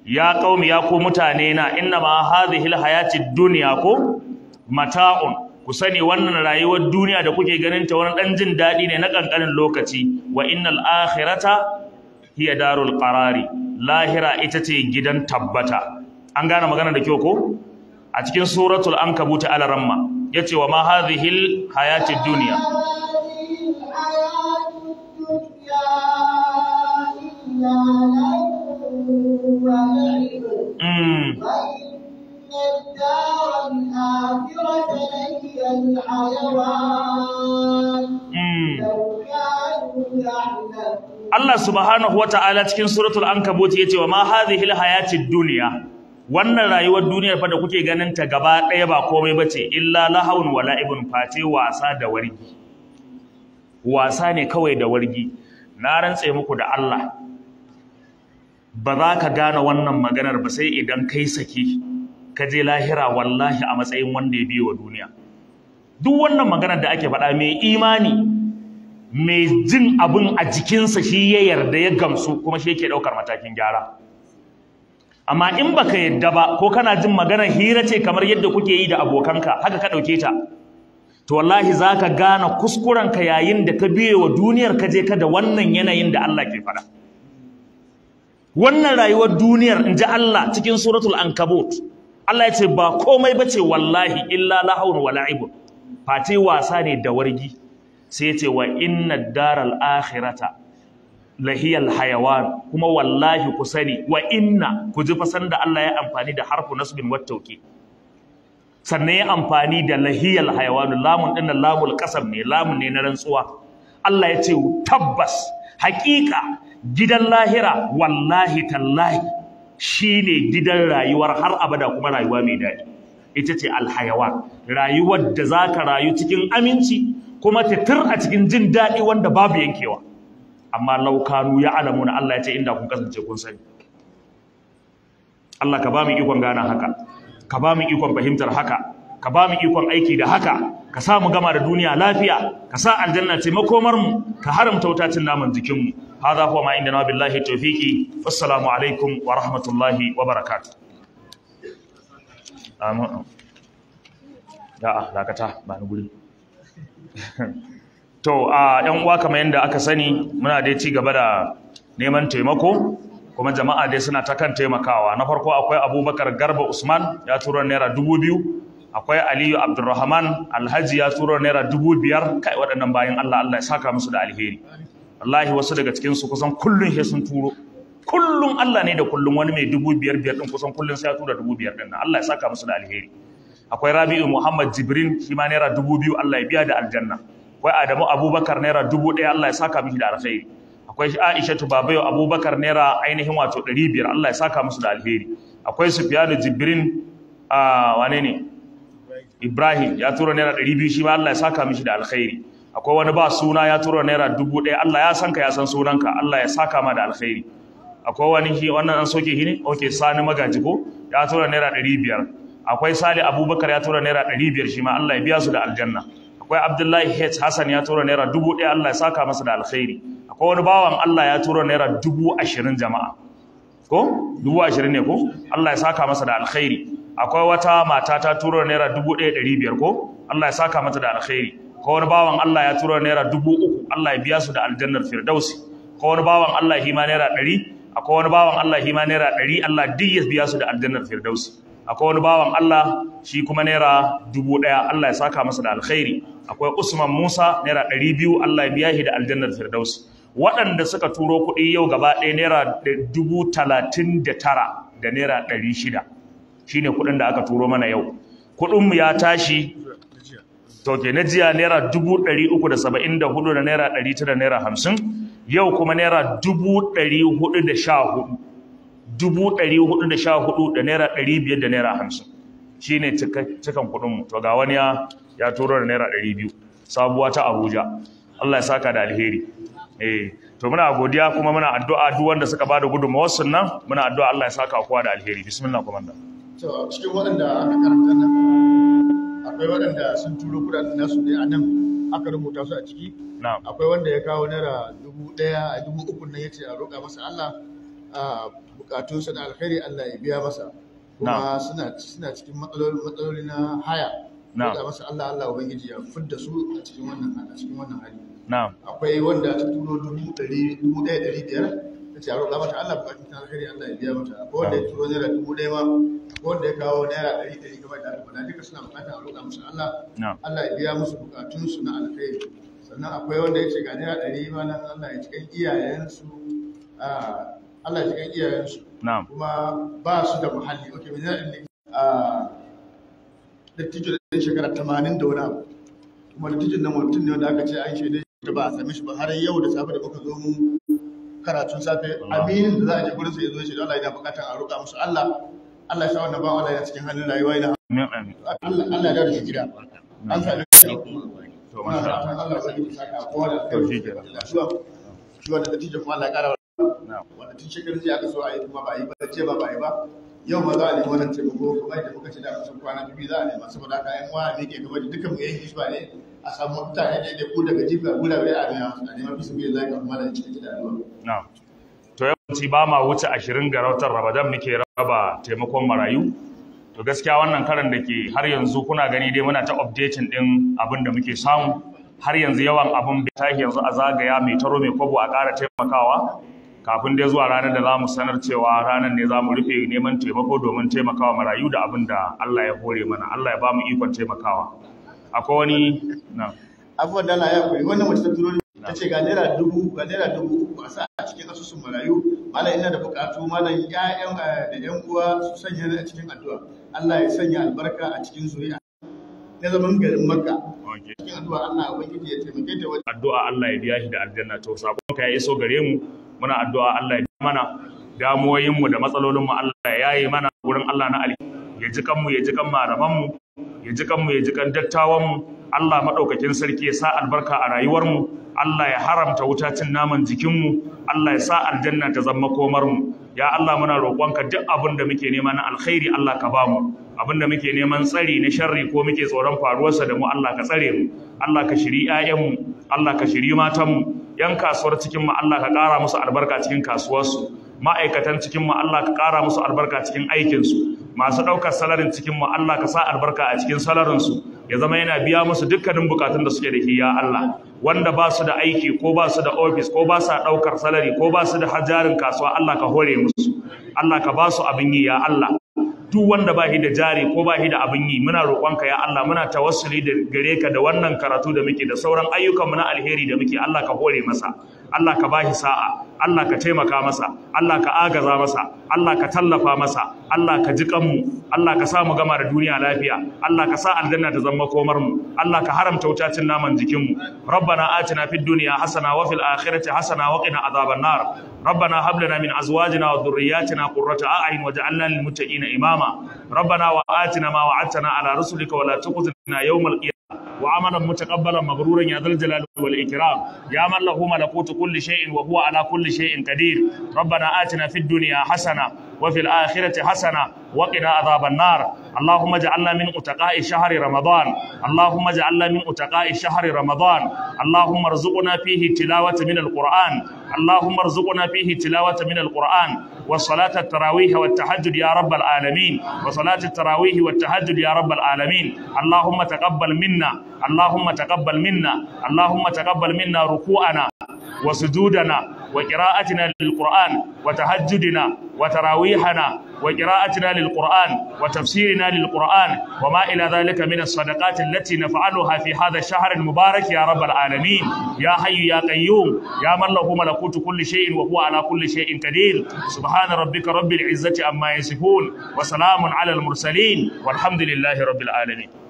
ya ƙaumi ya ku mutane na inna ma hadhihi duniya duniya ko mata'un ku sani wannan rayuwar duniya da kuke ganin ta wani ɗan jin daɗi ne na ƙanƙanin lokaci wa innal akhirata hiya darul qarari lahira ita ce gidan tabbata an gane magana da kyau ko a cikin suratul ankabut al-ramma yace wa ma hadhihi hayatid dunya Mm. الدار الآخرة الحيوان Allah subhanahu wa ta'ala cikin suratul ya ce wa ma hadhihi alhayatid dunya wannan rayuwar duniyar fa da kuke ganin ta gaba ɗaya ba komai ce, illa lahawun wa la'ibun wasa da wargi wasa ne kawai da wargi na rantse muku da Allah ba za ka gane wannan maganar ba sai idan kai saki ka je lahira wallahi a matsayin wanda ya biyo wa duniya duk wannan maganar da ake faɗa mai imani mai jin abin a jikinsa shi ya yarda ya gamsu kuma shi yake ɗaukar matakin gyara amma in baka yadda ba ko kana jin maganar hira ce kamar yadda kuke yi da abokanka haka ka ɗauke ta to wallahi za ka gane ka yayin da ka biye wa duniyar ka je ka da wannan yanayin da Allah ke faɗa wannan rayuwar duniyar in Allah cikin suratul ankabut Allah ya ce ba komai bace wallahi illa lahawun wa la'ibun fati wasa ne da wargi sai ya ce wa inna daral akhirata lahiyal hayawan kuma wallahi ku sani wa inna ku ji fasan da Allah ya amfani da harfu nasbin wat tawki sannan ya amfani da lahiyal hayawan lamun din lamul qasam ne lamun ne na rantsuwa Allah ya ce tabbas haƙiƙa gidan lahira wallahi tallahi Shi ne gidan rayuwar har abada kuma rayuwa mai daɗi ita ce alhayawa rayuwar da za ka rayu cikin aminci kuma ta tur a cikin jin daɗi wanda babu yankewa amma laukanu ya alamu na Allah ya ce inda kun kasance kun sani Allah ka ba mu ikon gana haka ka ba mu ikon fahimtar haka ka ba mu ikon aiki da haka ka sa mu gama da duniya lafiya ka sa aljanna ce makomar ka haramta wutacin naman jikin mu hadha huwa ma indana billahi tawfiki assalamu alaikum wa rahmatullahi wa barakatuh dakata ba ni guri to a yan uwa kamar yadda aka sani muna dai ci gaba da neman taimako kuma jama'a dai suna ta kan taimakawa na farko akwai abubakar garba usman ya turo naira dubu biyu akwai aliyu abdulrahman alhaji ya turo naira dubu biyar kai waɗannan bayan allah allah ya saka musu da alheri wallahi wasu daga cikinsu kusan kullun shi sun turo kullun Allah ne da kullun wani mai dubu biyar biyar ɗin kusan kullun sai ya tura dubu biyar din Allah ya saka musu da alheri akwai Rabi'u Muhammad Jibrin shi ma naira dubu biyu Allah ya biya da aljanna akwai Adamu Abubakar naira dubu ɗaya Allah ya saka mishi da alheri akwai Aisha Babayo Abubakar naira ainihin wato ɗari biyar Allah ya saka musu da alheri akwai Sufyanu Jibrin ah, wane ne Ibrahim ya tura naira ɗari biyu shi ma Allah ya saka mishi da alheri akwai wani ba suna ya tura naira dubu ɗaya Allah ya san ka ya san sunanka Allah ya saka ma da alkhairi akwai wani shi wannan an soke shi ne oke sani magaji ko ya tura naira ɗari biyar akwai sali abubakar ya tura naira ɗari biyar shi ma Allah ya biya su da aljanna akwai abdullahi h hassan ya tura naira dubu ɗaya Allah ya saka masa da alkhairi akwai wani bawan Allah ya tura naira dubu ashirin jama'a ko dubu ashirin ne ko Allah ya saka masa da alkhairi akwai wata mata ta tura naira dubu ɗaya ɗari biyar ko Allah ya saka mata da alkhairi ko wani bawan Allah ya turo naira dubu uku Allah ya biya su da aljannar firdausi ko wani bawan Allah hima naira ɗari akwai wani bawan Allah hima naira ɗari Allah duk ya biya su da aljannar firdausi akwai wani bawan Allah shi kuma naira dubu ɗaya Allah ya saka masa da alkhairi akwai Usman Musa naira ɗari biyu Allah ya biya shi da aljannar firdausi waɗanda suka turo kuɗi yau gaba ɗaya naira dubu talatin da tara da naira ɗari shida shine kuɗin da aka turo mana yau Kuɗin mu ya tashi toke na jiya naira dubu ɗari uku da saba'in da hudu da naira ɗari da naira hamsin yau kuma naira dubu ɗari hudu da sha hudu dubu ɗari hudu da sha hudu da naira ɗari biyar da naira hamsin shi ne cikin kudinmu to ga wani ya turo da naira ɗari biyu sabuwa ta abuja allah ya saka da alheri eh to muna godiya kuma muna addu'a duk wanda suka bada gudunmawar nan muna addu'a allah ya saka kowa da alheri bismillah kuma da. cikin waɗanda aka karanta nan akwai waɗanda sun turo kudaden nasu ne a nan aka rubuta su a ciki akwai wanda ya kawo naira dubu ɗaya a dubu uku nan ya ce a roƙa masa Allah a buƙatu na alkhairi Allah ya biya masa kuma suna cikin matsaloli na haya roƙa masa Allah Allah ubangiji ya fidda su a cikin wannan hali akwai wanda ta turo dubu ɗaya ɗari biyar ce a roƙa mata Allah bukatun ta alheri Allah ya biya mata ko wanda ya turo naira dubu ɗaya ma ko wanda ya kawo naira ɗari ɗari kamar da aka duka suna a roƙa musu Allah Allah ya biya musu bukatunsu na alheri sannan akwai wanda ya ce ga naira ɗari ma nan Allah ya cikin iyayensu Allah ya cikin iyayensu kuma ba su da muhalli ok mai naira ɗari dattijo da shekara tamanin da wani abu kuma dattijin nan mutum ne wanda aka ce an shaidai da ba a same shi ba har yau da safe da muka zo mu karatun safe amin da za a je gurin sai zo shi Allah ya bukata a roƙa musu Allah Allah ya sa wannan bawan Allah ya cikin halin rayuwa ina amin Allah Allah ya dace gida an sami to masha Allah Allah ya saka kowa da kai shi kenan shi wanda dattijo kuma Allah ya kara wannan tin shekaru ji aka so a yi kuma ba yi ba ce ba ba yi ba yau ma za a nemi wannan taimako kuma idan muka ce da kusan kwana biyu za a nema saboda haka ƴan uwa ne ke kamar dukkan mu yayin hisba ne a samu mutane da ya ku daga jifa bai a biya a neman fi su biya zai kamar da cikin gida ruwa. To yawanci ba ma wuce ashirin ga rautar Ramadan muke raba taimakon marayu. To gaskiya wannan karan da ke har yanzu kuna gani dai muna ta updating din abin da muke samu. Har yanzu yawan abin bai tashi yanzu a zagaya mai taro mai kwabo a ƙara taimakawa. Kafin dai zuwa ranar da za mu sanar cewa ranar ne za mu rufe neman taimako domin taimakawa marayu da abin da Allah ya hore mana. Allah ya ba mu ikon taimakawa. akwai wani na abubuwan dala ya kuri wannan mace ta turo ta ce ga naira dubu ga naira dubu uku a sa a cikin asusun marayu mana ina da bukatu mana ƴaƴan eh, da ƴan uwa su sanya a cikin addu'a Allah ya sanya albarka a cikin zuri'a na zaman garin Makka cikin addu'a Allah ya ubangiji ya taimake ta wajen addu'a Allah ya biya shi da aljanna to sakon ka ya iso gare mu muna addu'a Allah ya mana damuwoyin da matsalolinmu Allah ya yaye mana Wurin Allah na Ali ya ji kanmu ya ji kan malaman ya ji kanmu ya ji kan dattawanmu Allah maɗaukakin sarki ya sa albarka a rayuwarmu Allah ya haramta wuta cin naman jikinmu Allah ya sa aljanna ta zama komarmu ya Allah muna roƙonka duk abin da muke nema na alkhairi Allah ka bamu abin da muke neman tsari na sharri ko muke tsoron faruwarsa da mu Allah ka tsare mu Allah ka shiri 'ya'yanmu Allah ka shiri matanmu yan kasuwar cikinmu Allah ka ƙara musu albarka cikin kasuwarsu ma'aikatan cikin mu Allah ka ƙara musu albarka cikin aikinsu masu ɗaukar salarin cikin mu Allah ka sa albarka a cikin salarinsu ya zama yana biya musu dukkanin bukatun da suke da ke ya Allah wanda ba su da aiki ko ba su da ofis ko ba sa ɗaukar salari ko ba su da hajarin kasuwa Allah ka hore musu Allah ka ba su abin yi ya Allah duk wanda ba shi da jari ko ba shi da abin yi muna roƙonka ya Allah muna tawassuli da gare ka da wannan karatu da muke da sauran ayyukan mu na alheri da muke Allah ka hore masa Allah ka bashi sa'a Allah ka taimaka masa Allah ka agaza masa Allah ka tallafa masa Allah ka ji kanmu Allah ka sa mu gama da duniya lafiya Allah ka sa aljanna ta zama komar mu Allah ka haramta wutacin naman jikin mu rabbana atina fid dunya hasana wa fil akhirati hasana wa qina azaban nar rabbana hab lana min azwajina wa dhurriyyatina qurrata a'yun waj'alna lil muttaqina imama rabbana wa atina ma wa'adtana ala rusulika wa la tukhzina yawmal وعملا متقبلا مغرورا يا ذا الجلال والإكرام يا من له ملكوت كل شيء وهو على كل شيء قدير ربنا آتنا في الدنيا حسنة وفي الآخرة حسنة وقنا عذاب النار اللهم اجعلنا من أتقاء شهر رمضان اللهم اجعلنا من أتقاء شهر رمضان اللهم ارزقنا فيه تلاوة من القرآن اللهم ارزقنا فيه تلاوة من القرآن وصلاة التراويح والتهجد يا رب العالمين وصلاة التراويح والتهجد يا رب العالمين اللهم تقبل منا اللهم تقبل منا اللهم تقبل منا ركوعنا وسجودنا وقراءتنا للقرآن وتهجدنا وتراويحنا وقراءتنا للقرآن وتفسيرنا للقرآن وما إلى ذلك من الصدقات التي نفعلها في هذا الشهر المبارك يا رب العالمين يا حي يا قيوم يا من له ملكوت كل شيء وهو على كل شيء قدير سبحان ربك رب العزة عما يصفون وسلام على المرسلين والحمد لله رب العالمين